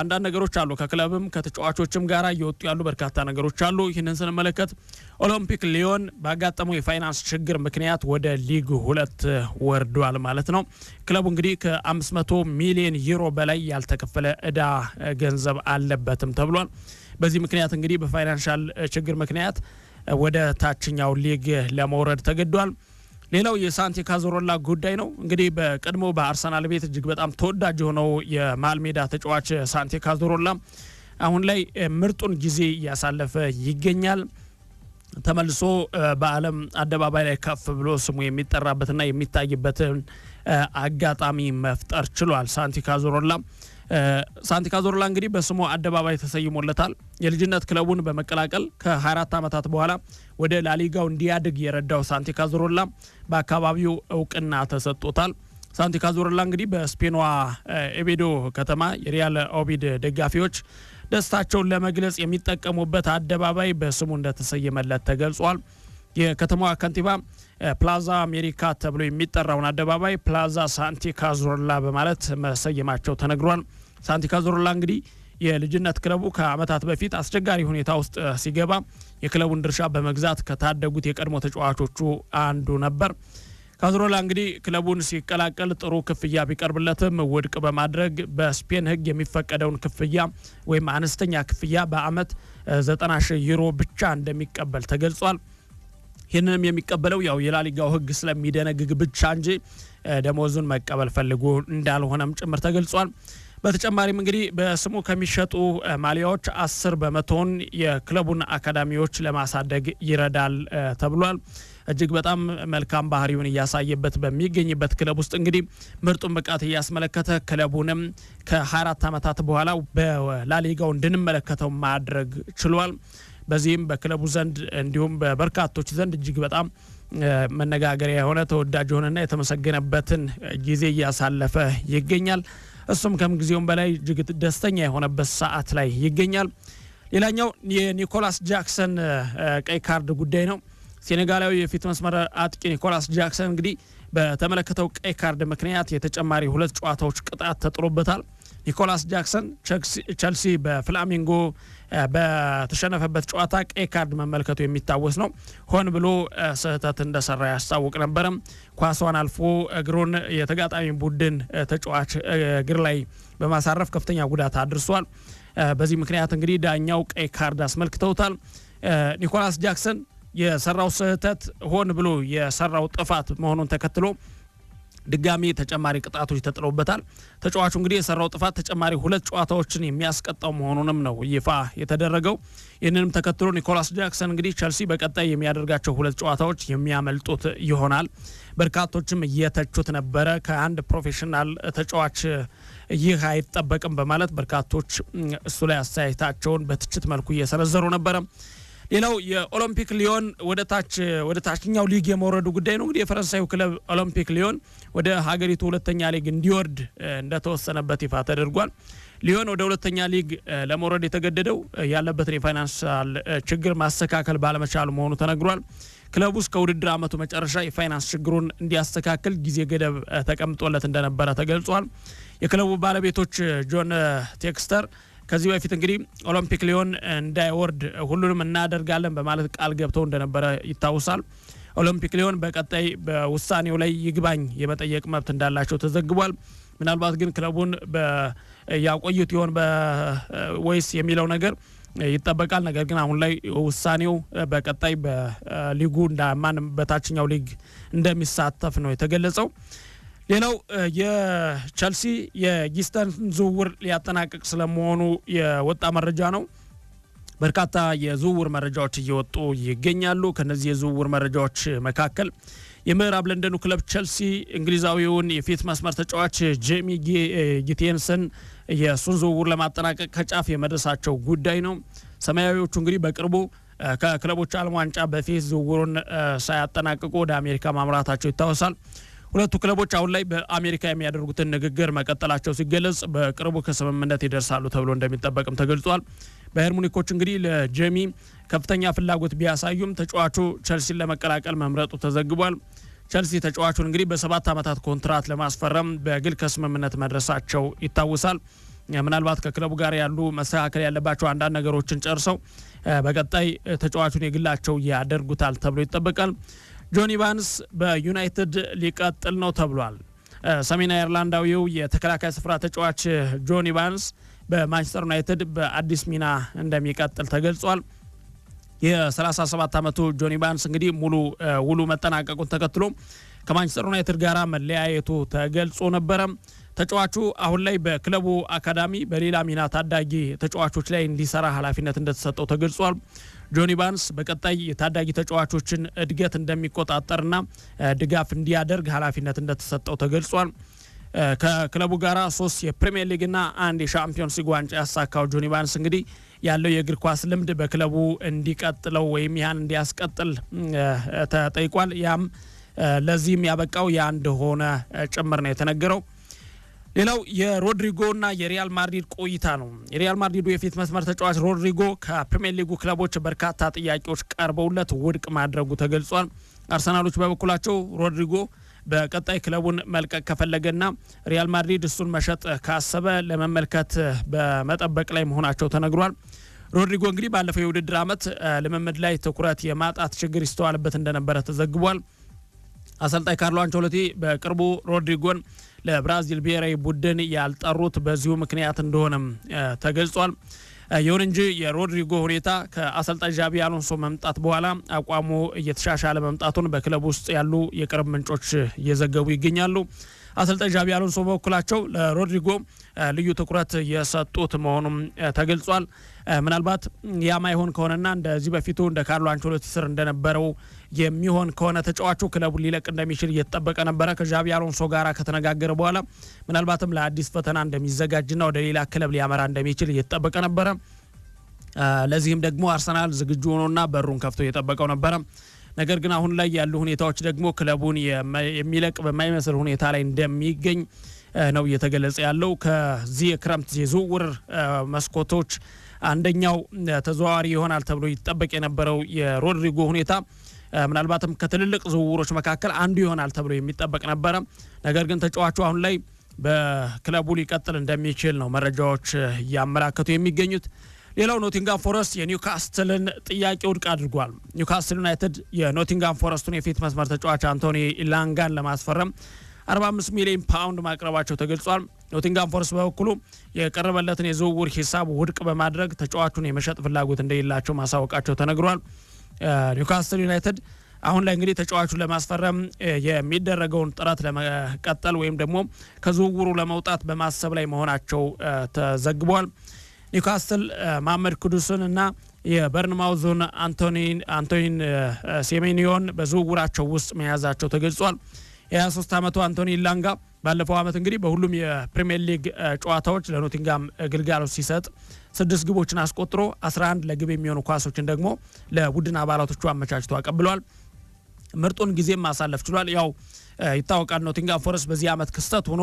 አንዳንድ ነገሮች አሉ። ከክለብም ከተጫዋቾችም ጋር እየወጡ ያሉ በርካታ ነገሮች አሉ። ይህንን ስንመለከት ኦሎምፒክ ሊዮን ባጋጠመው የፋይናንስ ችግር ምክንያት ወደ ሊግ ሁለት ወርዷል ማለት ነው። ክለቡ እንግዲህ ከ500 ሚሊዮን ዩሮ በላይ ያልተከፈለ እዳ ገንዘብ አለበትም ተብሏል። በዚህ ምክንያት እንግዲህ በፋይናንሻል ችግር ምክንያት ወደ ታችኛው ሊግ ለመውረድ ተገዷል። ሌላው የሳንቲ ካዞሮላ ጉዳይ ነው። እንግዲህ በቀድሞ በአርሰናል ቤት እጅግ በጣም ተወዳጅ የሆነው የማልሜዳ ሜዳ ተጫዋች ሳንቲ ካዞሮላ አሁን ላይ ምርጡን ጊዜ እያሳለፈ ይገኛል። ተመልሶ በዓለም አደባባይ ላይ ከፍ ብሎ ስሙ የሚጠራበትና የሚታይበትን አጋጣሚ መፍጠር ችሏል ሳንቲ ካዞሮላ። ሳንቲ ካዞርላ እንግዲህ በስሙ አደባባይ ተሰይሞለታል። የልጅነት ክለቡን በመቀላቀል ከ24 ዓመታት በኋላ ወደ ላሊጋው እንዲያድግ የረዳው ሳንቲ ካዞርላ በአካባቢው እውቅና ተሰጥቶታል። ሳንቲ ካዞርላ እንግዲህ በስፔኗ ኤቤዶ ከተማ የሪያል ኦቢድ ደጋፊዎች ደስታቸውን ለመግለጽ የሚጠቀሙበት አደባባይ በስሙ እንደተሰየመለት ተገልጿል። የከተማዋ ከንቲባ ፕላዛ አሜሪካ ተብሎ የሚጠራውን አደባባይ ፕላዛ ሳንቲ ካዞርላ በማለት መሰየማቸው ተነግሯል። ሳንቲ ካዞሮላ እንግዲህ የልጅነት ክለቡ ከዓመታት በፊት አስቸጋሪ ሁኔታ ውስጥ ሲገባ የክለቡን ድርሻ በመግዛት ከታደጉት የቀድሞ ተጫዋቾቹ አንዱ ነበር። ካዝሮላ እንግዲህ ክለቡን ሲቀላቀል ጥሩ ክፍያ ቢቀርብለትም ውድቅ በማድረግ በስፔን ሕግ የሚፈቀደውን ክፍያ ወይም አነስተኛ ክፍያ በአመት 90 ሺ ዩሮ ብቻ እንደሚቀበል ተገልጿል። ይህንንም የሚቀበለው ያው የላሊጋው ሕግ ስለሚደነግግ ብቻ እንጂ ደሞዙን መቀበል ፈልጎ እንዳልሆነም ጭምር ተገልጿል። በተጨማሪም እንግዲህ በስሙ ከሚሸጡ ማሊያዎች አስር በመቶውን የክለቡን አካዳሚዎች ለማሳደግ ይረዳል ተብሏል። እጅግ በጣም መልካም ባህሪውን እያሳየበት በሚገኝበት ክለብ ውስጥ እንግዲህ ምርጡን ብቃት እያስመለከተ ክለቡንም ከ24 ዓመታት በኋላ በላሊጋው እንድንመለከተው ማድረግ ችሏል። በዚህም በክለቡ ዘንድ እንዲሁም በበርካቶች ዘንድ እጅግ በጣም መነጋገሪያ የሆነ ተወዳጅ የሆነና የተመሰገነበትን ጊዜ እያሳለፈ ይገኛል። እሱም ከምንጊዜውም በላይ እጅግ ደስተኛ የሆነበት ሰዓት ላይ ይገኛል። ሌላኛው የኒኮላስ ጃክሰን ቀይ ካርድ ጉዳይ ነው። ሴኔጋላዊ የፊት መስመር አጥቂ ኒኮላስ ጃክሰን እንግዲህ በተመለከተው ቀይ ካርድ ምክንያት የተጨማሪ ሁለት ጨዋታዎች ቅጣት ተጥሎበታል። ኒኮላስ ጃክሰን ቸልሲ በፍላሚንጎ በተሸነፈበት ጨዋታ ቀይ ካርድ መመልከቱ የሚታወስ ነው። ሆን ብሎ ስህተት እንደሰራ ያስታውቅ ነበረም። ኳሷን አልፎ እግሩን የተጋጣሚ ቡድን ተጫዋች እግር ላይ በማሳረፍ ከፍተኛ ጉዳት አድርሷል። በዚህ ምክንያት እንግዲህ ዳኛው ቀይ ካርድ አስመልክተውታል። ኒኮላስ ጃክሰን የሰራው ስህተት ሆን ብሎ የሰራው ጥፋት መሆኑን ተከትሎ ድጋሚ ተጨማሪ ቅጣቶች ተጥለውበታል። ተጫዋቹ እንግዲህ የሰራው ጥፋት ተጨማሪ ሁለት ጨዋታዎችን የሚያስቀጣው መሆኑንም ነው ይፋ የተደረገው። ይህንንም ተከትሎ ኒኮላስ ጃክሰን እንግዲህ ቸልሲ በቀጣይ የሚያደርጋቸው ሁለት ጨዋታዎች የሚያመልጡት ይሆናል። በርካቶችም እየተቹት ነበረ። ከአንድ ፕሮፌሽናል ተጫዋች ይህ አይጠበቅም በማለት በርካቶች እሱ ላይ አስተያየታቸውን በትችት መልኩ እየሰነዘሩ ነበረ። ሌላው የኦሎምፒክ ሊዮን ወደ ታች ወደ ታችኛው ሊግ የመውረዱ ጉዳይ ነው። እንግዲህ የፈረንሳዩ ክለብ ኦሎምፒክ ሊዮን ወደ ሀገሪቱ ሁለተኛ ሊግ እንዲወርድ እንደተወሰነበት ይፋ ተደርጓል። ሊዮን ወደ ሁለተኛ ሊግ ለመውረድ የተገደደው ያለበትን የፋይናንሻል ችግር ማስተካከል ባለመቻሉ መሆኑ ተነግሯል። ክለቡ እስከ ውድድር ዓመቱ መጨረሻ የፋይናንስ ችግሩን እንዲያስተካክል ጊዜ ገደብ ተቀምጦለት እንደነበረ ተገልጿል። የክለቡ ባለቤቶች ጆን ቴክስተር ከዚህ በፊት እንግዲህ ኦሎምፒክ ሊዮን እንዳይወርድ ሁሉንም እናደርጋለን በማለት ቃል ገብተው እንደነበረ ይታወሳል። ኦሎምፒክ ሊዮን በቀጣይ በውሳኔው ላይ ይግባኝ የመጠየቅ መብት እንዳላቸው ተዘግቧል። ምናልባት ግን ክለቡን ያቆዩት ይሆን ወይስ የሚለው ነገር ይጠበቃል። ነገር ግን አሁን ላይ ውሳኔው በቀጣይ በሊጉ ማንም በታችኛው ሊግ እንደሚሳተፍ ነው የተገለጸው። ሌላው የቸልሲ የጊስተን ዝውውር ሊያጠናቅቅ ስለመሆኑ የወጣ መረጃ ነው። በርካታ የዝውውር መረጃዎች እየወጡ ይገኛሉ። ከነዚህ የዝውውር መረጃዎች መካከል የምዕራብ ለንደኑ ክለብ ቸልሲ እንግሊዛዊውን የፊት መስመር ተጫዋች ጄሚ ጊቴንስን የእሱን ዝውውር ለማጠናቀቅ ከጫፍ የመድረሳቸው ጉዳይ ነው። ሰማያዊዎቹ እንግዲህ በቅርቡ ከክለቦች ዓለም ዋንጫ በፊት ዝውውሩን ሳያጠናቅቁ ወደ አሜሪካ ማምራታቸው ይታወሳል። ሁለቱ ክለቦች አሁን ላይ በአሜሪካ የሚያደርጉትን ንግግር መቀጠላቸው ሲገለጽ በቅርቡ ከስምምነት ይደርሳሉ ተብሎ እንደሚጠበቅም ተገልጿል። ባየር ሙኒኮች እንግዲህ ለጀሚ ከፍተኛ ፍላጎት ቢያሳዩም ተጫዋቹ ቸልሲን ለመቀላቀል መምረጡ ተዘግቧል። ቸልሲ ተጫዋቹን እንግዲህ በሰባት ዓመታት ኮንትራት ለማስፈረም በግል ከስምምነት መድረሳቸው ይታወሳል። ምናልባት ከክለቡ ጋር ያሉ መስተካከል ያለባቸው አንዳንድ ነገሮችን ጨርሰው በቀጣይ ተጫዋቹን የግላቸው ያደርጉታል ተብሎ ይጠበቃል። ጆኒ ባንስ በዩናይትድ ሊቀጥል ነው ተብሏል። ሰሜን አይርላንዳዊው የተከላካይ ስፍራ ተጫዋች ጆኒ ቫንስ በማንቸስተር ዩናይትድ በአዲስ ሚና እንደሚቀጥል ተገልጿል። የ37 ዓመቱ ጆኒ ባንስ እንግዲህ ሙሉ ውሉ መጠናቀቁን ተከትሎ ከማንቸስተር ዩናይትድ ጋር መለያየቱ ተገልጾ ነበረ። ተጫዋቹ አሁን ላይ በክለቡ አካዳሚ በሌላ ሚና ታዳጊ ተጫዋቾች ላይ እንዲሰራ ኃላፊነት እንደተሰጠው ተገልጿል። ጆኒ ባንስ በቀጣይ የታዳጊ ተጫዋቾችን እድገት እንደሚቆጣጠርና ድጋፍ እንዲያደርግ ኃላፊነት እንደተሰጠው ተገልጿል። ከክለቡ ጋር ሶስት የፕሪሚየር ሊግና አንድ የሻምፒዮንስ ሊግ ዋንጫ ያሳካው ጆኒ ባንስ እንግዲህ ያለው የእግር ኳስ ልምድ በክለቡ እንዲቀጥለው ወይም ያን እንዲያስቀጥል ተጠይቋል። ያም ለዚህም ያበቃው የአንድ ሆነ ጭምር ነው የተነገረው። ሌላው የሮድሪጎና የሪያል ማድሪድ ቆይታ ነው። የሪያል ማድሪዱ የፊት መስመር ተጫዋች ሮድሪጎ ከፕሪምየር ሊጉ ክለቦች በርካታ ጥያቄዎች ቀርበውለት ውድቅ ማድረጉ ተገልጿል። አርሰናሎች በበኩላቸው ሮድሪጎ በቀጣይ ክለቡን መልቀቅ ከፈለገና ሪያል ማድሪድ እሱን መሸጥ ካሰበ ለመመልከት በመጠበቅ ላይ መሆናቸው ተነግሯል። ሮድሪጎ እንግዲህ ባለፈው የውድድር ዓመት ልምምድ ላይ ትኩረት የማጣት ችግር ይስተዋልበት እንደነበረ ተዘግቧል። አሰልጣኝ ካርሎ አንቸሎቲ በቅርቡ ሮድሪጎን ለብራዚል ብሔራዊ ቡድን ያልጠሩት በዚሁ ምክንያት እንደሆነም ተገልጿል። ይሁን እንጂ የሮድሪጎ ሁኔታ ከአሰልጣኝ ዣቢ አሎንሶ መምጣት በኋላ አቋሙ እየተሻሻለ መምጣቱን በክለብ ውስጥ ያሉ የቅርብ ምንጮች እየዘገቡ ይገኛሉ። አሰልጣኝ ዣቢ አሎንሶ በበኩላቸው ለሮድሪጎ ልዩ ትኩረት የሰጡት መሆኑም ተገልጿል። ምናልባት ያማይሆን ከሆነና እንደዚህ በፊቱ እንደ ካርሎ አንቸሎቲ ስር እንደነበረው የሚሆን ከሆነ ተጫዋቹ ክለቡን ሊለቅ እንደሚችል እየተጠበቀ ነበረ። ከዣቢ አሎንሶ ጋር ከተነጋገረ በኋላ ምናልባትም ለአዲስ ፈተና እንደሚዘጋጅና ወደ ሌላ ክለብ ሊያመራ እንደሚችል እየተጠበቀ ነበረ። ለዚህም ደግሞ አርሰናል ዝግጁ ሆኖና በሩን ከፍቶ እየጠበቀው ነበረ። ነገር ግን አሁን ላይ ያሉ ሁኔታዎች ደግሞ ክለቡን የሚለቅ በማይመስል ሁኔታ ላይ እንደሚገኝ ነው እየተገለጸ ያለው። ከዚህ የክረምት የዝውውር መስኮቶች አንደኛው ተዘዋዋሪ ይሆናል ተብሎ ይጠበቅ የነበረው የሮድሪጎ ሁኔታ ምናልባትም ከትልልቅ ዝውውሮች መካከል አንዱ ይሆናል ተብሎ የሚጠበቅ ነበረ። ነገር ግን ተጫዋቹ አሁን ላይ በክለቡ ሊቀጥል እንደሚችል ነው መረጃዎች እያመላከቱ የሚገኙት። ሌላው ኖቲንጋም ፎረስት የኒውካስትልን ጥያቄ ውድቅ አድርጓል። ኒውካስትል ዩናይትድ የኖቲንጋም ፎረስቱን የፊት መስመር ተጫዋች አንቶኒ ኢላንጋን ለማስፈረም 45 ሚሊዮን ፓውንድ ማቅረባቸው ተገልጿል። ኖቲንጋም ፎረስት በበኩሉ የቀረበለትን የዝውውር ሂሳብ ውድቅ በማድረግ ተጫዋቹን የመሸጥ ፍላጎት እንደሌላቸው ማሳወቃቸው ተነግሯል። ኒውካስትል ዩናይትድ አሁን ላይ እንግዲህ ተጫዋቹን ለማስፈረም የሚደረገውን ጥረት ለመቀጠል ወይም ደግሞ ከዝውውሩ ለመውጣት በማሰብ ላይ መሆናቸው ተዘግቧል። ኒውካስትል መሐመድ ኩዱስን እና የበርንማውዙን አንቶኒን ሴሜኒዮን በዝውውራቸው ውስጥ መያዛቸው ተገልጿል። የ23 ዓመቱ አንቶኒ ላንጋ ባለፈው ዓመት እንግዲህ በሁሉም የፕሪምየር ሊግ ጨዋታዎች ለኖቲንጋም ግልጋሎት ሲሰጥ ስድስት ግቦችን አስቆጥሮ 11 ለግብ የሚሆኑ ኳሶችን ደግሞ ለቡድን አባላቶቹ አመቻችቶ አቀብሏል። ምርጡን ጊዜም ማሳለፍ ችሏል። ያው ይታወቃል። ኖቲንጋም ፎረስት በዚህ ዓመት ክስተት ሆኖ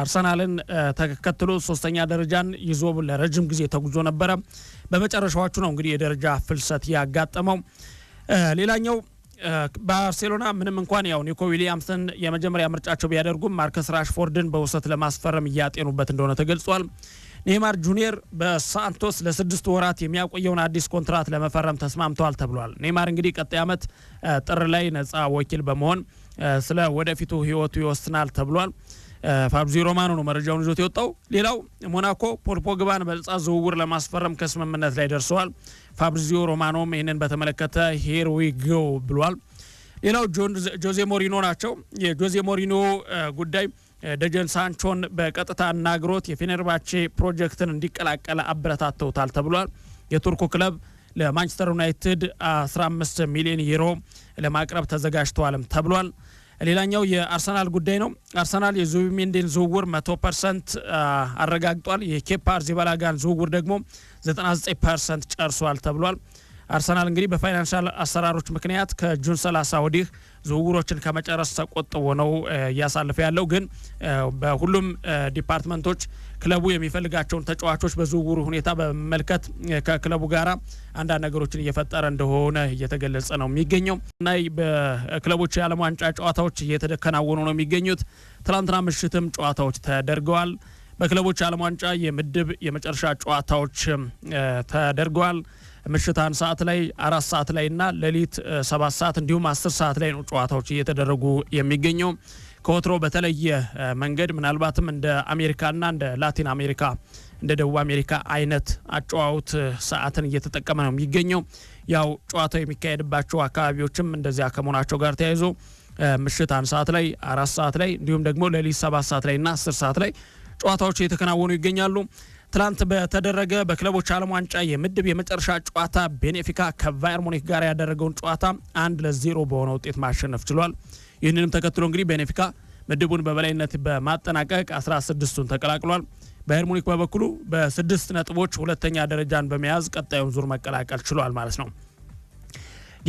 አርሰናልን ተከትሎ ሶስተኛ ደረጃን ይዞ ለረጅም ጊዜ ተጉዞ ነበረ። በመጨረሻዎቹ ነው እንግዲህ የደረጃ ፍልሰት ያጋጠመው። ሌላኛው ባርሴሎና ምንም እንኳን ያው ኒኮ ዊሊያምስን የመጀመሪያ ምርጫቸው ቢያደርጉም ማርከስ ራሽፎርድን በውሰት ለማስፈረም እያጤኑበት እንደሆነ ተገልጿል። ኔይማር ጁኒየር በሳንቶስ ለስድስት ወራት የሚያቆየውን አዲስ ኮንትራት ለመፈረም ተስማምተዋል ተብሏል። ኔይማር እንግዲህ ቀጣይ ዓመት ጥር ላይ ነፃ ወኪል በመሆን ስለ ወደፊቱ ህይወቱ ይወስናል ተብሏል። ፋብሪዚዮ ሮማኖ ነው መረጃውን ይዞት የወጣው። ሌላው ሞናኮ ፖል ፖግባን በነጻ ዝውውር ለማስፈረም ከስምምነት ላይ ደርሰዋል። ፋብሪዚዮ ሮማኖም ይህንን በተመለከተ ሄር ዊ ጎ ብሏል። ሌላው ጆዜ ሞሪኖ ናቸው። የጆዜ ሞሪኖ ጉዳይ ደጀን ሳንቾን በቀጥታ አናግሮት የፌነርባቼ ፕሮጀክትን እንዲቀላቀል አበረታተውታል ተብሏል። የቱርኩ ክለብ ለማንቸስተር ዩናይትድ 15 ሚሊዮን ዩሮ ለማቅረብ ተዘጋጅተዋልም ተብሏል። ሌላኛው የአርሰናል ጉዳይ ነው። አርሰናል የዙቢሜንዲን ዝውውር መቶ ፐርሰንት አረጋግጧል። የኬፓ አሪዛባላጋን ዝውውር ደግሞ 99 ፐርሰንት ጨርሷል ተብሏል። አርሰናል እንግዲህ በፋይናንሻል አሰራሮች ምክንያት ከጁን 30 ወዲህ ዝውውሮችን ከመጨረስ ተቆጥቦ ነው እያሳለፈ ያለው። ግን በሁሉም ዲፓርትመንቶች ክለቡ የሚፈልጋቸውን ተጫዋቾች በዝውውሩ ሁኔታ በመመልከት ከክለቡ ጋር አንዳንድ ነገሮችን እየፈጠረ እንደሆነ እየተገለጸ ነው የሚገኘው እና በክለቦች የዓለም ዋንጫ ጨዋታዎች እየተከናወኑ ነው የሚገኙት። ትላንትና ምሽትም ጨዋታዎች ተደርገዋል። በክለቦች የዓለም ዋንጫ የምድብ የመጨረሻ ጨዋታዎች ተደርገዋል። ምሽት አንድ ሰዓት ላይ አራት ሰዓት ላይ እና ሌሊት ሰባት ሰዓት እንዲሁም አስር ሰዓት ላይ ነው ጨዋታዎች እየተደረጉ የሚገኘው። ከወትሮ በተለየ መንገድ ምናልባትም እንደ አሜሪካና እንደ ላቲን አሜሪካ እንደ ደቡብ አሜሪካ አይነት አጨዋወት ሰዓትን እየተጠቀመ ነው የሚገኘው። ያው ጨዋታው የሚካሄድባቸው አካባቢዎችም እንደዚያ ከመሆናቸው ጋር ተያይዞ ምሽት አንድ ሰዓት ላይ አራት ሰዓት ላይ እንዲሁም ደግሞ ሌሊት ሰባት ሰዓት ላይ እና አስር ሰዓት ላይ ጨዋታዎች እየተከናወኑ ይገኛሉ። ትናንት በተደረገ በክለቦች ዓለም ዋንጫ የምድብ የመጨረሻ ጨዋታ ቤኔፊካ ከባየር ሙኒክ ጋር ያደረገውን ጨዋታ አንድ ለዜሮ በሆነ ውጤት ማሸነፍ ችሏል። ይህንንም ተከትሎ እንግዲህ ቤኔፊካ ምድቡን በበላይነት በማጠናቀቅ 16ቱን ተቀላቅሏል። ባየር ሙኒክ በበኩሉ በስድስት ነጥቦች ሁለተኛ ደረጃን በመያዝ ቀጣዩን ዙር መቀላቀል ችሏል ማለት ነው።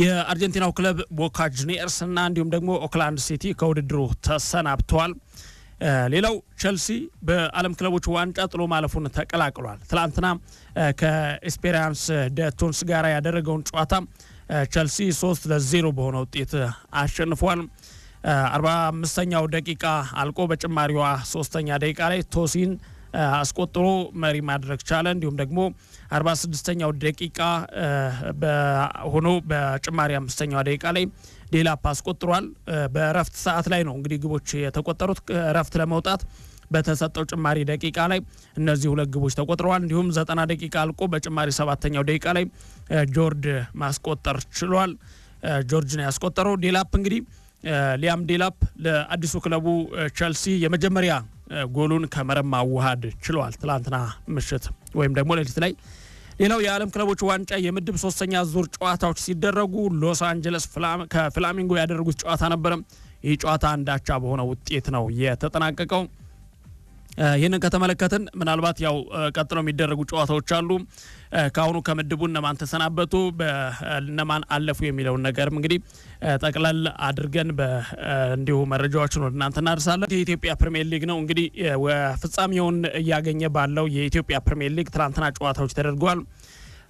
የአርጀንቲናው ክለብ ቦካ ጁኒየርስ እና እንዲሁም ደግሞ ኦክላንድ ሲቲ ከውድድሩ ተሰናብተዋል። ሌላው ቸልሲ በዓለም ክለቦች ዋንጫ ጥሎ ማለፉን ተቀላቅሏል። ትላንትና ከኤስፔራንስ ደ ቱንስ ጋር ያደረገውን ጨዋታ ቸልሲ 3 ለዜሮ በሆነ ውጤት አሸንፏል። 45ኛው ደቂቃ አልቆ በጭማሪዋ ሶስተኛ ደቂቃ ላይ ቶሲን አስቆጥሮ መሪ ማድረግ ቻለ። እንዲሁም ደግሞ አርባ ስድስተኛው ደቂቃ ሆኖ በጭማሪ አምስተኛው ደቂቃ ላይ ሌላ ፓስ ቆጥሯል። በእረፍት ሰዓት ላይ ነው እንግዲህ ግቦች የተቆጠሩት እረፍት ለመውጣት በተሰጠው ጭማሪ ደቂቃ ላይ እነዚህ ሁለት ግቦች ተቆጥረዋል። እንዲሁም ዘጠና ደቂቃ አልቆ በጭማሪ ሰባተኛው ደቂቃ ላይ ጆርድ ማስቆጠር ችሏል። ጆርጅ ነው ያስቆጠረው። ዴላፕ እንግዲህ ሊያም ዴላፕ ለአዲሱ ክለቡ ቸልሲ የመጀመሪያ ጎሉን ከመረብ ማዋሃድ ችሏል። ትላንትና ምሽት ወይም ደግሞ ሌሊት ላይ ሌላው የዓለም ክለቦች ዋንጫ የምድብ ሶስተኛ ዙር ጨዋታዎች ሲደረጉ ሎስ አንጀለስ ከፍላሚንጎ ያደረጉት ጨዋታ ነበረም። ይህ ጨዋታ አንዳቻ በሆነ ውጤት ነው የተጠናቀቀው። ይህንን ከተመለከትን ምናልባት ያው ቀጥለው የሚደረጉ ጨዋታዎች አሉ። ከአሁኑ ከምድቡ እነማን ተሰናበቱ፣ እነማን አለፉ የሚለውን ነገርም እንግዲህ ጠቅለል አድርገን እንዲሁ መረጃዎችን ወደ እናንተ እናደርሳለን። የኢትዮጵያ ፕሪሚየር ሊግ ነው እንግዲህ ፍጻሜውን እያገኘ ባለው የኢትዮጵያ ፕሪሚየር ሊግ ትናንትና ጨዋታዎች ተደርገዋል።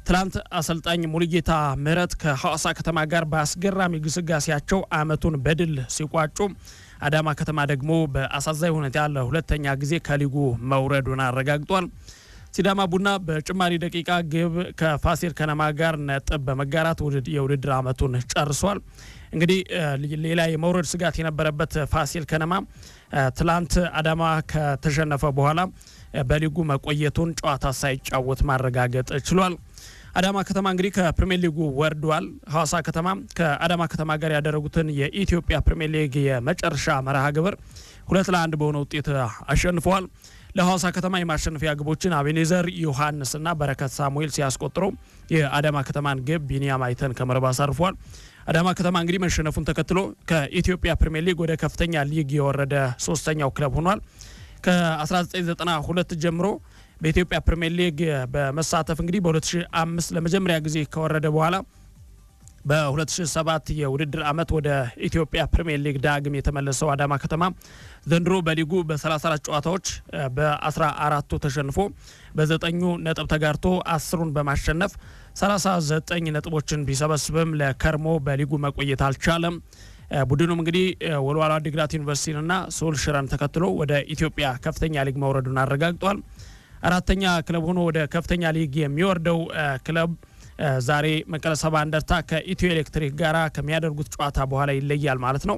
ትላንት አሰልጣኝ ሙሉጌታ ምህረት ከሐዋሳ ከተማ ጋር በአስገራሚ ግስጋሴያቸው አመቱን በድል ሲቋጩ አዳማ ከተማ ደግሞ በአሳዛኝ ሁኔታ ለሁለተኛ ጊዜ ከሊጉ መውረዱን አረጋግጧል። ሲዳማ ቡና በጭማሪ ደቂቃ ግብ ከፋሲል ከነማ ጋር ነጥብ በመጋራት የውድድር ዓመቱን ጨርሷል። እንግዲህ ሌላ የመውረድ ስጋት የነበረበት ፋሲል ከነማ ትላንት አዳማ ከተሸነፈ በኋላ በሊጉ መቆየቱን ጨዋታ ሳይጫወት ማረጋገጥ ችሏል። አዳማ ከተማ እንግዲህ ከፕሪሚየር ሊጉ ወርዷል። ሐዋሳ ከተማ ከአዳማ ከተማ ጋር ያደረጉትን የኢትዮጵያ ፕሪሚየር ሊግ የመጨረሻ መርሃ ግብር ሁለት ለአንድ በሆነ ውጤት አሸንፈዋል። ለሐዋሳ ከተማ የማሸነፊያ ግቦችን አቤኔዘር ዮሐንስና በረከት ሳሙኤል ሲያስቆጥሩ የአዳማ ከተማን ግብ ቢኒያም አይተን ከመረብ አሳርፏል። አዳማ ከተማ እንግዲህ መሸነፉን ተከትሎ ከኢትዮጵያ ፕሪሚየር ሊግ ወደ ከፍተኛ ሊግ የወረደ ሶስተኛው ክለብ ሆኗል። ከ1992 ጀምሮ በኢትዮጵያ ፕሪምየር ሊግ በመሳተፍ እንግዲህ በ2005 ለመጀመሪያ ጊዜ ከወረደ በኋላ በ2007 የውድድር ዓመት ወደ ኢትዮጵያ ፕሪምየር ሊግ ዳግም የተመለሰው አዳማ ከተማ ዘንድሮ በሊጉ በ34 ጨዋታዎች በ14ቱ ተሸንፎ በዘጠኙ ነጥብ ተጋርቶ አስሩን በማሸነፍ 39 ነጥቦችን ቢሰበስብም ለከርሞ በሊጉ መቆየት አልቻለም። ቡድኑም እንግዲህ ወልዋሎ ዓዲግራት ዩኒቨርሲቲንና ሶል ሽረን ተከትሎ ወደ ኢትዮጵያ ከፍተኛ ሊግ መውረዱን አረጋግጧል። አራተኛ ክለብ ሆኖ ወደ ከፍተኛ ሊግ የሚወርደው ክለብ ዛሬ መቀለ ሰባ እንደርታ ከኢትዮ ኤሌክትሪክ ጋራ ከሚያደርጉት ጨዋታ በኋላ ይለያል ማለት ነው።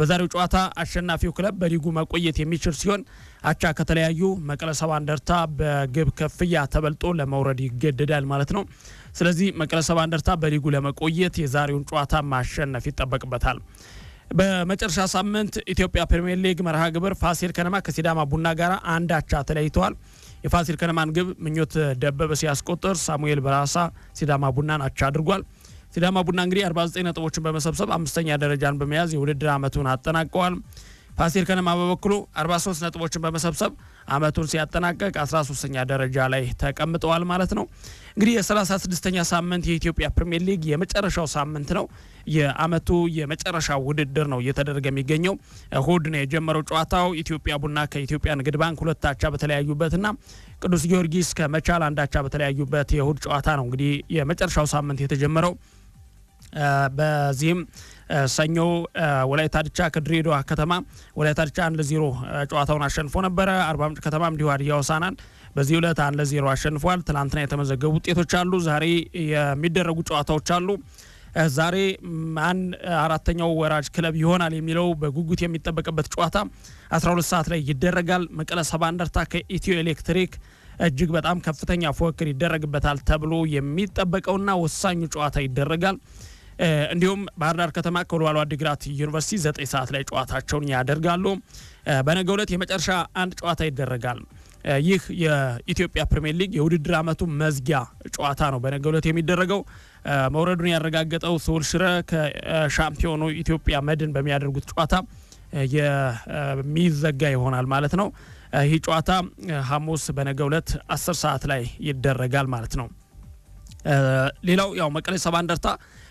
በዛሬው ጨዋታ አሸናፊው ክለብ በሊጉ መቆየት የሚችል ሲሆን አቻ ከተለያዩ መቀለ ሰባ እንደርታ በግብ ክፍያ ተበልጦ ለመውረድ ይገደዳል ማለት ነው። ስለዚህ መቀለ ሰባ እንደርታ በሊጉ ለመቆየት የዛሬውን ጨዋታ ማሸነፍ ይጠበቅበታል። በመጨረሻ ሳምንት ኢትዮጵያ ፕሪምየር ሊግ መርሃ ግብር ፋሲል ከነማ ከሲዳማ ቡና ጋር አንድ አቻ ተለያይተዋል። የፋሲል ከነማን ግብ ምኞት ደበበ ሲያስቆጥር ሳሙኤል በራሳ ሲዳማ ቡናን አቻ አድርጓል። ሲዳማ ቡና እንግዲህ 49 ነጥቦችን በመሰብሰብ አምስተኛ ደረጃን በመያዝ የውድድር ዓመቱን አጠናቀዋል። ፋሲል ከነማ በበኩሉ 43 ነጥቦችን በመሰብሰብ አመቱን ሲያጠናቀቅ 13ኛ ደረጃ ላይ ተቀምጠዋል ማለት ነው። እንግዲህ የ36ኛ ሳምንት የኢትዮጵያ ፕሪምየር ሊግ የመጨረሻው ሳምንት ነው። የአመቱ የመጨረሻ ውድድር ነው እየተደረገ የሚገኘው። እሁድ ነው የጀመረው ጨዋታው። ኢትዮጵያ ቡና ከኢትዮጵያ ንግድ ባንክ ሁለት አቻ በተለያዩበትና ቅዱስ ጊዮርጊስ ከመቻል አንድ አቻ በተለያዩበት የእሁድ ጨዋታ ነው እንግዲህ የመጨረሻው ሳምንት የተጀመረው በዚህም ሰኞ ወላይታ ድቻ ከድሬዳዋ ከተማ ወላይታ ድቻ አንድ ለዜሮ ጨዋታውን አሸንፎ ነበረ። አርባ ምንጭ ከተማ እንዲሁ ሀዲያ ሆሳዕናን በዚህ ዕለት አንድ ለዜሮ አሸንፏል። ትናንትና የተመዘገቡ ውጤቶች አሉ። ዛሬ የሚደረጉ ጨዋታዎች አሉ። ዛሬ ማን አራተኛው ወራጅ ክለብ ይሆናል የሚለው በጉጉት የሚጠበቅበት ጨዋታ 12 ሰዓት ላይ ይደረጋል። መቀለ ሰባ እንደርታ ከኢትዮ ኤሌክትሪክ እጅግ በጣም ከፍተኛ ፉክክር ይደረግበታል ተብሎ የሚጠበቀውና ወሳኙ ጨዋታ ይደረጋል። እንዲሁም ባህር ዳር ከተማ ከወልዋሎ አዲግራት ዩኒቨርሲቲ ዘጠኝ ሰዓት ላይ ጨዋታቸውን ያደርጋሉ። በነገ ዕለት የመጨረሻ አንድ ጨዋታ ይደረጋል። ይህ የኢትዮጵያ ፕሪምየር ሊግ የውድድር ዓመቱ መዝጊያ ጨዋታ ነው። በነገ ዕለት የሚደረገው መውረዱን ያረጋገጠው ስውል ሽረ ከሻምፒዮኑ ኢትዮጵያ መድን በሚያደርጉት ጨዋታ የሚዘጋ ይሆናል ማለት ነው። ይህ ጨዋታ ሐሙስ በነገ ዕለት አስር ሰዓት ላይ ይደረጋል ማለት ነው። ሌላው ያው መቀሌ ሰባ እንደርታ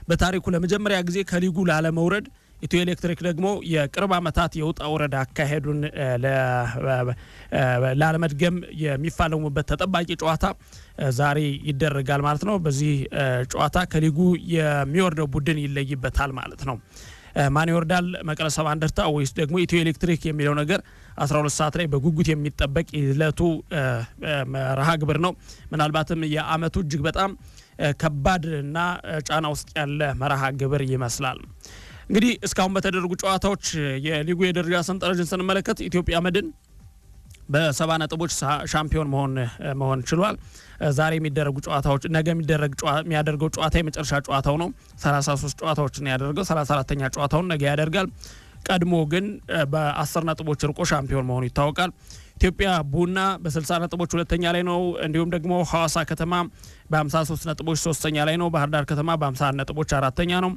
በታሪኩ ለመጀመሪያ ጊዜ ከሊጉ ላለመውረድ ኢትዮ ኤሌክትሪክ ደግሞ የቅርብ ዓመታት የውጣ ውረድ አካሄዱን ላለመድገም የሚፋለሙበት ተጠባቂ ጨዋታ ዛሬ ይደረጋል ማለት ነው። በዚህ ጨዋታ ከሊጉ የሚወርደው ቡድን ይለይበታል ማለት ነው። ማን ይወርዳል? መቀለ ሰባ እንደርታ ወይስ ደግሞ ኢትዮ ኤሌክትሪክ የሚለው ነገር 12 ሰዓት ላይ በጉጉት የሚጠበቅ ለቱ መርሃ ግብር ነው። ምናልባትም የአመቱ እጅግ በጣም ከባድና ጫና ውስጥ ያለ መርሃ ግብር ይመስላል። እንግዲህ እስካሁን በተደረጉ ጨዋታዎች የሊጉ የደረጃ ሰንጠረዥን ስንመለከት ኢትዮጵያ መድን በሰባ ነጥቦች ሻምፒዮን መሆን መሆን ችሏል። ዛሬ የሚደረጉ ጨዋታዎች ነገ የሚያደርገው ጨዋታ የመጨረሻ ጨዋታው ነው። 33 ጨዋታዎችን ያደርገው 34ተኛ ጨዋታውን ነገ ያደርጋል። ቀድሞ ግን በአስር ነጥቦች ርቆ ሻምፒዮን መሆኑ ይታወቃል። ኢትዮጵያ ቡና በ60 ነጥቦች ሁለተኛ ላይ ነው። እንዲሁም ደግሞ ሐዋሳ ከተማ በ53 ነጥቦች ሶስተኛ ላይ ነው። ባህር ዳር ከተማ በ51 ነጥቦች አራተኛ ነው።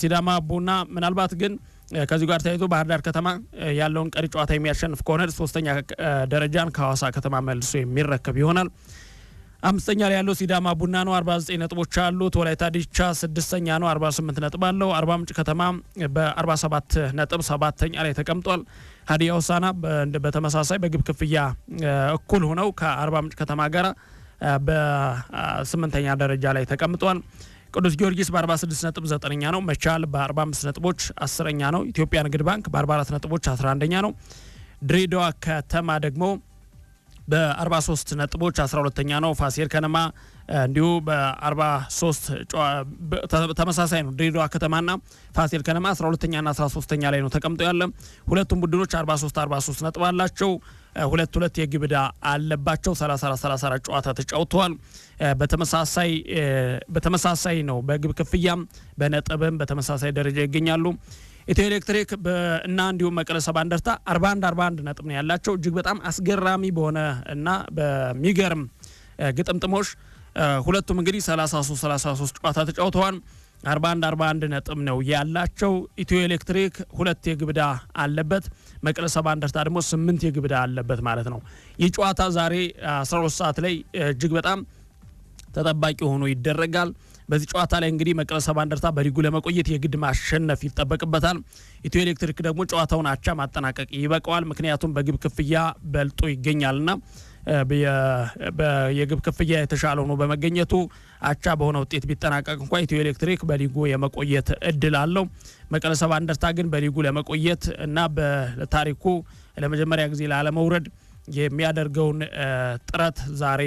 ሲዳማ ቡና ምናልባት ግን ከዚሁ ጋር ተያይዞ ባህር ዳር ከተማ ያለውን ቀሪ ጨዋታ የሚያሸንፍ ከሆነ ሶስተኛ ደረጃን ከሐዋሳ ከተማ መልሶ የሚረከብ ይሆናል። አምስተኛ ላይ ያለው ሲዳማ ቡና ነው። 49 ነጥቦች አሉት። ወላይታ ዲቻ ስድስተኛ ነው፣ 48 ነጥብ አለው። አርባ ምንጭ ከተማ በ47 ነጥብ ሰባተኛ ላይ ተቀምጧል። ሀዲያ ሆሳና በተመሳሳይ በግብ ክፍያ እኩል ሆነው ከአርባ ምንጭ ከተማ ጋር በስምንተኛ ደረጃ ላይ ተቀምጧል። ቅዱስ ጊዮርጊስ በ46 ነጥብ ዘጠነኛ ነው። መቻል በ45 ነጥቦች አስረኛ ነው። ኢትዮጵያ ንግድ ባንክ በ44 ነጥቦች 11ኛ ነው። ድሬዳዋ ከተማ ደግሞ በ43 ነጥቦች 12ኛ ነው። ፋሲል ከነማ እንዲሁ በ43 ተመሳሳይ ነው። ድሬዳዋ ከተማና ፋሲል ከነማ 12ኛና 13ኛ ላይ ነው ተቀምጠው ያለ። ሁለቱም ቡድኖች 43 43 ነጥብ አላቸው። ሁለት ሁለት የግብ ዕዳ አለባቸው። 34 34 ጨዋታ ተጫውተዋል። በተመሳሳይ ነው በግብ ክፍያም በነጥብም በተመሳሳይ ደረጃ ይገኛሉ። ኢትዮ ኤሌክትሪክ እና እንዲሁም መቀለ ሰባ እንደርታ 41 41 ነጥብ ነው ያላቸው እጅግ በጣም አስገራሚ በሆነ እና በሚገርም ግጥምጥሞች ሁለቱም እንግዲህ 33 33 ጨዋታ ተጫውተዋል። 41 41 ነጥብ ነው ያላቸው። ኢትዮ ኤሌክትሪክ ሁለት የግብዳ አለበት፣ መቀለ ሰባ እንደርታ ደግሞ ስምንት የግብዳ አለበት ማለት ነው። ይህ ጨዋታ ዛሬ 12 ሰዓት ላይ እጅግ በጣም ተጠባቂ ሆኖ ይደረጋል። በዚህ ጨዋታ ላይ እንግዲህ መቀለ ሰባ እንደርታ በሊጉ ለመቆየት የግድ ማሸነፍ ይጠበቅበታል። ኢትዮ ኤሌክትሪክ ደግሞ ጨዋታውን አቻ ማጠናቀቅ ይበቀዋል። ምክንያቱም በግብ ክፍያ በልጦ ይገኛልና የግብ ክፍያ የተሻለ ሆኖ በመገኘቱ አቻ በሆነ ውጤት ቢጠናቀቅ እንኳ ኢትዮ ኤሌክትሪክ በሊጉ የመቆየት እድል አለው። መቀለ ሰባ እንደርታ ግን በሊጉ ለመቆየት እና በታሪኩ ለመጀመሪያ ጊዜ ላለመውረድ የሚያደርገውን ጥረት ዛሬ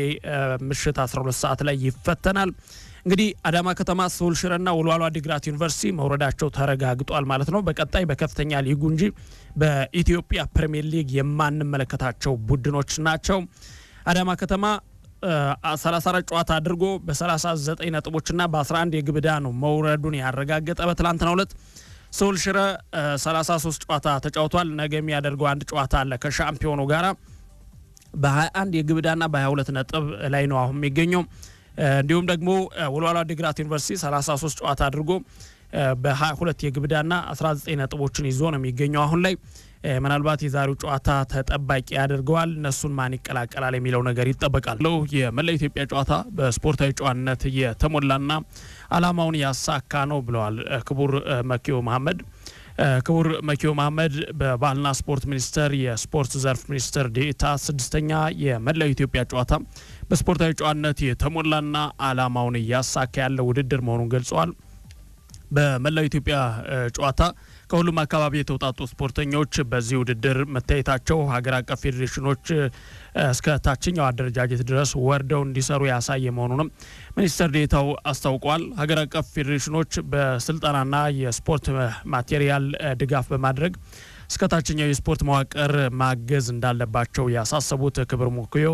ምሽት 12 ሰዓት ላይ ይፈተናል። እንግዲህ አዳማ ከተማ ስሁል ሽረና ወልዋሎ ዩኒቨርሲቲ መውረዳቸው ተረጋግጧል ማለት ነው። በቀጣይ በከፍተኛ ሊጉ እንጂ በኢትዮጵያ ፕሪሚየር ሊግ የማንመለከታቸው ቡድኖች ናቸው። አዳማ ከተማ 34 ጨዋታ አድርጎ በ39 ነጥቦችና በ11 የግብ ዕዳ ነው መውረዱን ያረጋገጠ። በትላንትናው ዕለት ስሁል ሽረ 33 ጨዋታ ተጫውቷል። ነገ የሚያደርገው አንድ ጨዋታ አለ ከሻምፒዮኑ ጋራ በ21 የግብዳና በ22 ነጥብ ላይ ነው አሁን የሚገኘው። እንዲሁም ደግሞ ወልዋሏ ዲግራት ዩኒቨርሲቲ 33 ጨዋታ አድርጎ በ22 የግብዳና 19 ነጥቦችን ይዞ ነው የሚገኘው አሁን ላይ። ምናልባት የዛሬው ጨዋታ ተጠባቂ ያደርገዋል። እነሱን ማን ይቀላቀላል የሚለው ነገር ይጠበቃል። የመላ ኢትዮጵያ ጨዋታ በስፖርታዊ ጨዋነት የተሞላና አላማውን ያሳካ ነው ብለዋል ክቡር መኪዮ መሐመድ። ክቡር መኪዮ መሐመድ በባህልና ስፖርት ሚኒስቴር የስፖርት ዘርፍ ሚኒስትር ዴኤታ፣ ስድስተኛ የመላው ኢትዮጵያ ጨዋታ በስፖርታዊ ጨዋነት የተሞላና አላማውን እያሳካ ያለው ውድድር መሆኑን ገልጸዋል። በመላው ኢትዮጵያ ጨዋታ ከሁሉም አካባቢ የተውጣጡ ስፖርተኞች በዚህ ውድድር መታየታቸው ሀገር አቀፍ ፌዴሬሽኖች እስከ ታችኛው አደረጃጀት ድረስ ወርደው እንዲሰሩ ያሳየ መሆኑንም ሚኒስትር ዴታው አስታውቋል። ሀገር አቀፍ ፌዴሬሽኖች በስልጠናና የስፖርት ማቴሪያል ድጋፍ በማድረግ እስከ ታችኛው የስፖርት መዋቅር ማገዝ እንዳለባቸው ያሳሰቡት ክብር ሙክዮ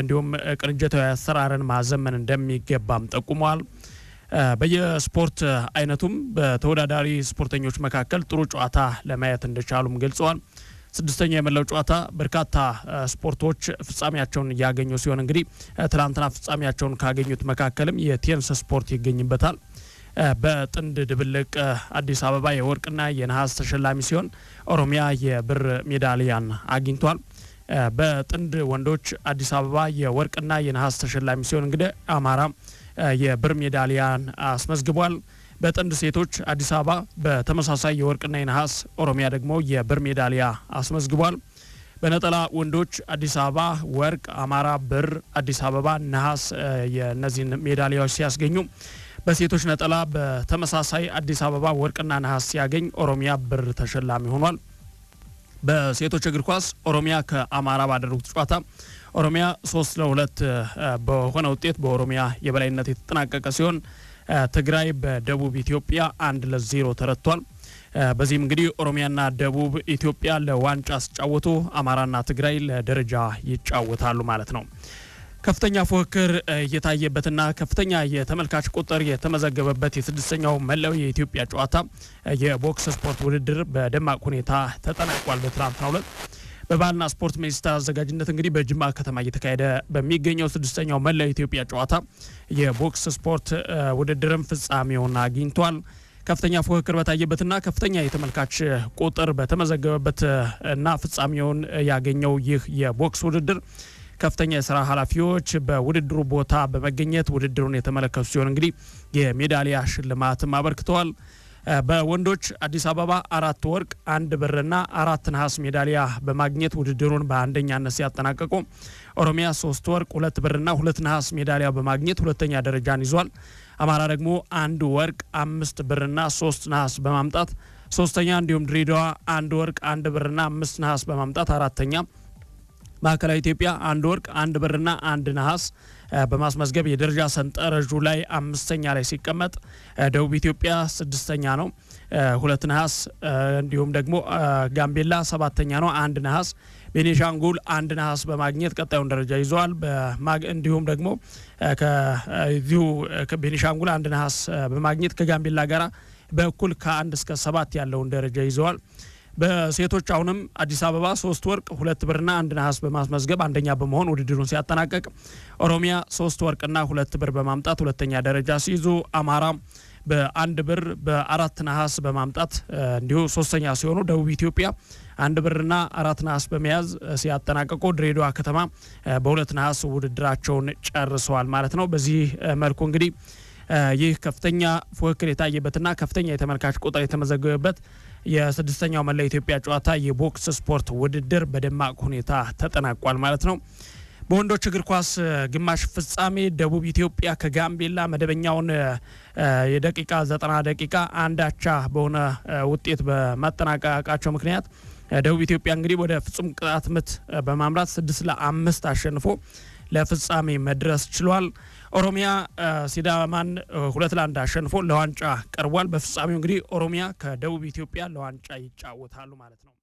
እንዲሁም ቅንጅታዊ አሰራርን ማዘመን እንደሚገባም ጠቁመዋል። በየስፖርት አይነቱም በተወዳዳሪ ስፖርተኞች መካከል ጥሩ ጨዋታ ለማየት እንደቻሉም ገልጸዋል። ስድስተኛ የመላው ጨዋታ በርካታ ስፖርቶች ፍጻሜያቸውን እያገኙ ሲሆን እንግዲህ ትናንትና ፍጻሜያቸውን ካገኙት መካከልም የቴንስ ስፖርት ይገኝበታል። በጥንድ ድብልቅ አዲስ አበባ የወርቅና የነሐስ ተሸላሚ ሲሆን ኦሮሚያ የብር ሜዳሊያን አግኝቷል። በጥንድ ወንዶች አዲስ አበባ የወርቅና የነሐስ ተሸላሚ ሲሆን እንግዲህ አማራ የብር ሜዳሊያን አስመዝግቧል። በጥንድ ሴቶች አዲስ አበባ በተመሳሳይ የወርቅና የነሐስ ኦሮሚያ ደግሞ የብር ሜዳሊያ አስመዝግቧል። በነጠላ ወንዶች አዲስ አበባ ወርቅ፣ አማራ ብር፣ አዲስ አበባ ነሐስ የእነዚህን ሜዳሊያዎች ሲያስገኙ በሴቶች ነጠላ በተመሳሳይ አዲስ አበባ ወርቅና ነሐስ ሲያገኝ ኦሮሚያ ብር ተሸላሚ ሆኗል። በሴቶች እግር ኳስ ኦሮሚያ ከአማራ ባደረጉት ጨዋታ ኦሮሚያ ሶስት ለሁለት በሆነ ውጤት በኦሮሚያ የበላይነት የተጠናቀቀ ሲሆን ትግራይ በደቡብ ኢትዮጵያ አንድ ለዜሮ ተረቷል። በዚህም እንግዲህ ኦሮሚያና ደቡብ ኢትዮጵያ ለዋንጫ ሲጫወቱ አማራና ትግራይ ለደረጃ ይጫወታሉ ማለት ነው። ከፍተኛ ፉክክር እየታየበትና ከፍተኛ የተመልካች ቁጥር የተመዘገበበት የስድስተኛው መላው የኢትዮጵያ ጨዋታ የቦክስ ስፖርት ውድድር በደማቅ ሁኔታ ተጠናቋል በትናንትናው ዕለት። በባህልና ስፖርት ሚኒስቴር አዘጋጅነት እንግዲህ በጅማ ከተማ እየተካሄደ በሚገኘው ስድስተኛው መላ ኢትዮጵያ ጨዋታ የቦክስ ስፖርት ውድድርም ፍጻሜውን አግኝቷል። ከፍተኛ ፉክክር በታየበትና ከፍተኛ የተመልካች ቁጥር በተመዘገበበት እና ፍጻሜውን ያገኘው ይህ የቦክስ ውድድር ከፍተኛ የስራ ኃላፊዎች በውድድሩ ቦታ በመገኘት ውድድሩን የተመለከቱ ሲሆን እንግዲህ የሜዳሊያ ሽልማትም አበርክተዋል። በወንዶች አዲስ አበባ አራት ወርቅ አንድ ብርና አራት ነሐስ ሜዳሊያ በማግኘት ውድድሩን በአንደኛነት ሲያጠናቀቁ ኦሮሚያ ሶስት ወርቅ ሁለት ብርና ሁለት ነሐስ ሜዳሊያ በማግኘት ሁለተኛ ደረጃን ይዟል። አማራ ደግሞ አንድ ወርቅ አምስት ብርና ሶስት ነሐስ በማምጣት ሶስተኛ፣ እንዲሁም ድሬዳዋ አንድ ወርቅ አንድ ብርና አምስት ነሐስ በማምጣት አራተኛ ማዕከላዊ ኢትዮጵያ አንድ ወርቅ፣ አንድ ብርና አንድ ነሐስ በማስመዝገብ የደረጃ ሰንጠረዡ ላይ አምስተኛ ላይ ሲቀመጥ ደቡብ ኢትዮጵያ ስድስተኛ ነው፣ ሁለት ነሐስ። እንዲሁም ደግሞ ጋምቤላ ሰባተኛ ነው፣ አንድ ነሐስ። ቤኔሻንጉል አንድ ነሐስ በማግኘት ቀጣዩን ደረጃ ይዘዋል። እንዲሁም ደግሞ ከዚሁ ቤኒሻንጉል አንድ ነሐስ በማግኘት ከጋምቤላ ጋራ በእኩል ከአንድ እስከ ሰባት ያለውን ደረጃ ይዘዋል። በሴቶች አሁንም አዲስ አበባ ሶስት ወርቅ ሁለት ብርና አንድ ነሐስ በማስመዝገብ አንደኛ በመሆን ውድድሩን ሲያጠናቀቅ ኦሮሚያ ሶስት ወርቅና ሁለት ብር በማምጣት ሁለተኛ ደረጃ ሲይዙ አማራ በአንድ ብር በአራት ነሐስ በማምጣት እንዲሁ ሶስተኛ ሲሆኑ ደቡብ ኢትዮጵያ አንድ ብርና አራት ነሐስ በመያዝ ሲያጠናቀቁ ድሬዳዋ ከተማ በሁለት ነሐስ ውድድራቸውን ጨርሰዋል ማለት ነው። በዚህ መልኩ እንግዲህ ይህ ከፍተኛ ፉክክር የታየበትና ከፍተኛ የተመልካች ቁጥር የተመዘገበበት የስድስተኛው መላ ኢትዮጵያ ጨዋታ የቦክስ ስፖርት ውድድር በደማቅ ሁኔታ ተጠናቋል ማለት ነው። በወንዶች እግር ኳስ ግማሽ ፍጻሜ ደቡብ ኢትዮጵያ ከጋምቤላ መደበኛውን የደቂቃ ዘጠና ደቂቃ አንዳቻ በሆነ ውጤት በማጠናቀቃቸው ምክንያት ደቡብ ኢትዮጵያ እንግዲህ ወደ ፍጹም ቅጣት ምት በማምራት ስድስት ለአምስት አሸንፎ ለፍጻሜ መድረስ ችሏል። ኦሮሚያ ሲዳማን ሁለት ለአንድ አሸንፎ ለዋንጫ ቀርቧል። በፍጻሜው እንግዲህ ኦሮሚያ ከደቡብ ኢትዮጵያ ለዋንጫ ይጫወታሉ ማለት ነው።